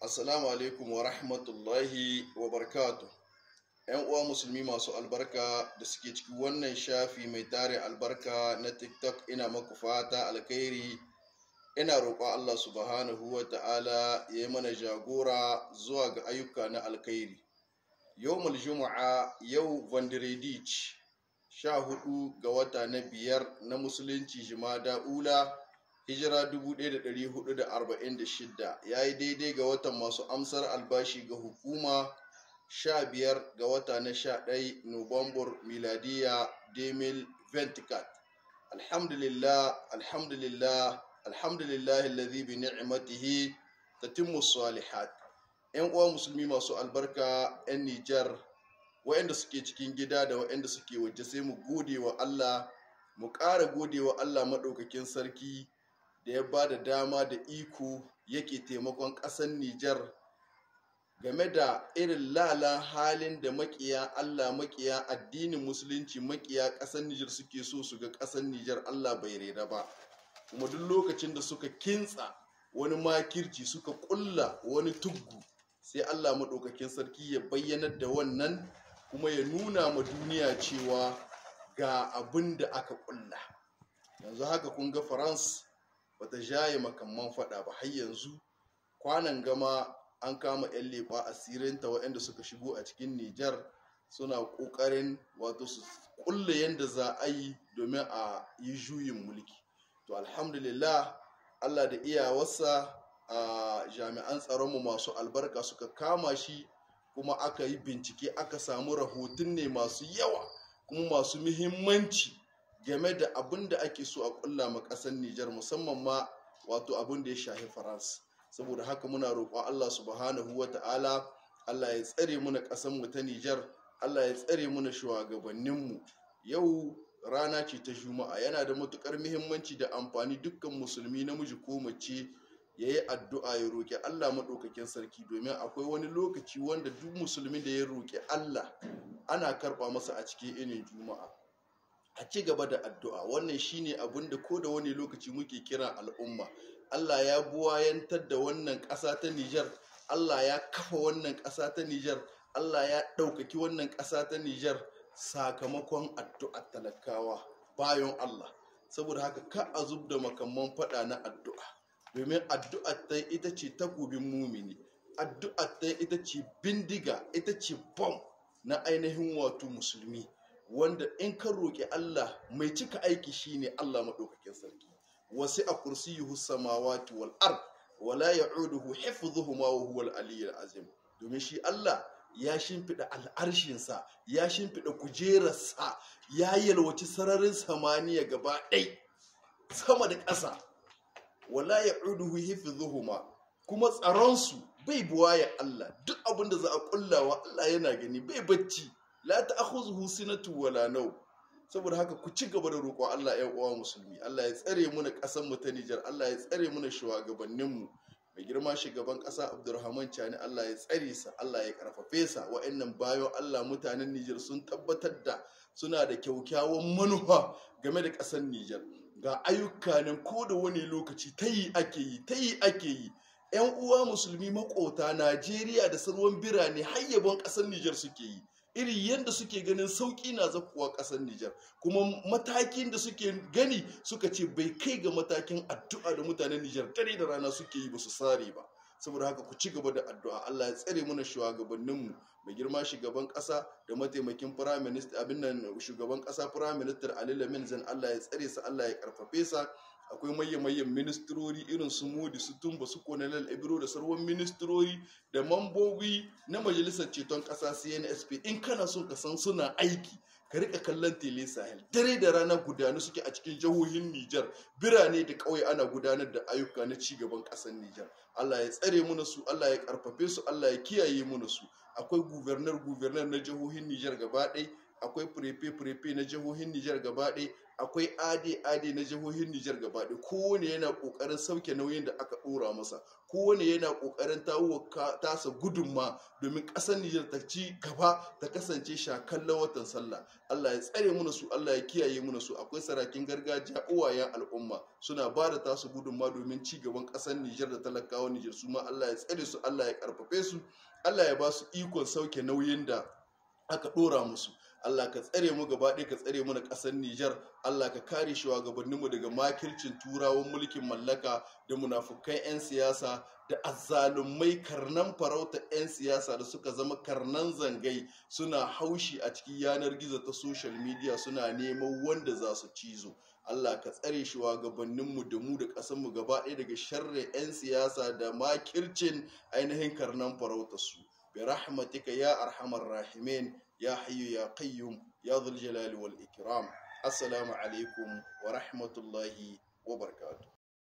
Assalamu alaikum wa rahmatullahi wa barkatu. ‘Yan uwa musulmi masu albarka da suke ciki wannan shafi mai tare albarka na TikTok ina maku fata alkhairi ina roƙo Allah subhanahu wa ta'ala ya yi mana jagora zuwa ga ayyuka na alkhairi. Yau juma'a yau Vandiredich sha hudu ga wata na biyar na musulunci jimada ula hijira 1446 ya yi daidai ga watan masu amsar albashi ga hukuma 15 ga wata na 11 nuwambar miladiya demil venticat alhamdulillah alhamdulillah alhamdulillah alladhi bi ni'matihi tatimmu salihat yan uwa musulmi masu albarka yan Nijar waɗanda suke cikin gida da waɗanda suke waje sai mu gode wa Allah mu ƙara gode wa Allah maɗaukakin sarki da ya ba da dama da iko yake taimakon ƙasar Nijar game da irin lala halin da makiya Allah makiya addinin musulunci makiya ƙasar Nijar suke so su ga ƙasar Nijar Allah bai rera ba kuma duk lokacin da suka kintsa wani makirci suka ƙulla wani tuggu sai Allah maɗaukakin sarki ya bayyanar da wannan kuma ya nuna ma duniya cewa ga abin da aka ƙulla yanzu haka kun ga France bata jaye makamman faɗa ba har yanzu kwanan gama an kama 'yan leɓa asirinta waɗanda suka shigo a cikin nijar suna ƙoƙarin wato su ƙulla yadda za a yi domin a yi juyin mulki to alhamdulillah allah da iyawarsa a jami'an tsaronmu masu albarka suka kama shi kuma aka yi bincike aka samu rahoton ne masu yawa kuma masu muhimmanci game da abin da ake so a kulla ma ƙasar Nijar musamman ma wato abin da ya shahi France saboda haka muna roƙon Allah subhanahu wa ta'ala Allah ya tsare muna ƙasar mu ta Nijar Allah ya tsare muna shugabannin mu yau rana ce ta Juma'a yana da matukar muhimmanci da amfani dukkan musulmi namiji ko mace ya yi addu'a ya roƙi Allah maɗaukakin sarki domin akwai wani lokaci wanda duk musulmi da ya roƙi Allah ana karɓa masa a cikin inin juma'a a ci gaba da addu'a wannan shine abin da ko da wani lokaci muke kira al'umma Allah ya buwayantar da wannan ƙasa ta Nijar Allah ya kafa wannan ƙasa ta Nijar Allah ya ɗaukaki wannan ƙasa ta Nijar sakamakon addu'a talakawa bayan Allah saboda haka ka a zub da makamman faɗa na addu'a domin addu'ar ta ita ce takobin mumini addu'ar ta ita ce bindiga ita ce bom na ainihin wato musulmi wanda in ka roƙi Allah mai cika aiki shine Allah maɗaukakin sarki Wasu a kursiyuhu samawati wal ard wala ya'uduhu hifdhuhuma wa huwal aliyyul azim domin shi Allah ya shimfiɗa al'arshinsa ya shimfiɗa kujerarsa ya yalwaci sararin samaniya gaba ɗai sama da ƙasa wala ya'uduhu ma kuma tsaronsu bai buwaye Allah duk abin da za a kullawa Allah yana gani bai bacci la ta'khudhu sinatu wala naw saboda haka ku ci gaba da roƙon Allah ya uwa musulmi Allah ya tsare mu na ƙasar mu ta Nijar. Allah ya tsare mu na shugabannin mu mai girma shugaban ƙasa Abdulrahman Chani Allah ya tsare sa Allah ya karfafe sa wa'annan bayan Allah mutanen Nijar sun tabbatar da suna da kyaukyawan manufa game da ƙasar Nijar. ga ayyuka nan ko da wani lokaci ta yi ake yi ta yi ake yi 'yan uwa musulmi makota najeriya da sauran birane yabon ƙasar nijar suke yi iri yadda suke ganin sauki na zakuwa ƙasar Nijar kuma matakin da suke gani suka ce bai kai ga matakin addu'a da mutanen Nijar dare da rana suke yi ba su sare ba saboda haka ku ci gaba da addu'a Allah ya tsare mana shugabanninmu mai girma shugaban ƙasa da mataimakin prime minister abin nan shugaban ƙasa prime minister Ali Lamin zan Allah ya tsare sa Allah ya karfafe sa akwai mayyamayyan ministrori irin su modi su tumba su konelal ebiro da sarwan ministrori da mambobi na majalisar ceton ƙasa cnsp in kana son ka san suna aiki ka rika kallon tele sahel dare da rana gudanu suke a cikin jihohin nijar birane da ƙauye ana gudanar da ayyuka na cigaban ƙasar nijar allah ya tsare muna su allah ya karfafe su allah ya kiyaye muna su akwai guvernar guvernar na jihohin nijar gaba ɗaya akwai furefe-furefe na jihohin Nijar gabaɗe akwai ade-ade na jihohin Nijar gabaɗe kowane yana ƙoƙarin sauke nauyin da aka ɗora masa kowane yana ƙoƙarin tasa gudunma domin ƙasar Nijar ta ci gaba ta kasance shakallan watan sallah Allah ya tsare muna su Allah ya kiyaye muna su akwai sarakin gargajiya uwayen al'umma suna ba da tasu gudunma domin ci gaban ƙasar Nijar da talakawa Nijar su ma Allah ya tsare su Allah ya ƙarfafe su Allah ya ba su ikon sauke nauyin da aka ɗora musu Allah ka tsare mu gaba ɗaya ka tsare mu na ƙasar Nijar Allah ka kare shugabanninmu daga makircin turawan mulkin mallaka da munafukan 'yan siyasa da azzalumai karnan farauta 'yan siyasa da suka zama karnan zangai suna haushi a cikin yanar gizo ta social media suna neman wanda za su cizo Allah ka tsare shugabanninmu da mu da ƙasarmu gaba ɗaya daga sharri 'yan siyasa da makircin ainihin karnan farauta su برحمتك يا أرحم الراحمين يا حي يا قيوم يا ذو الجلال والإكرام السلام عليكم ورحمة الله وبركاته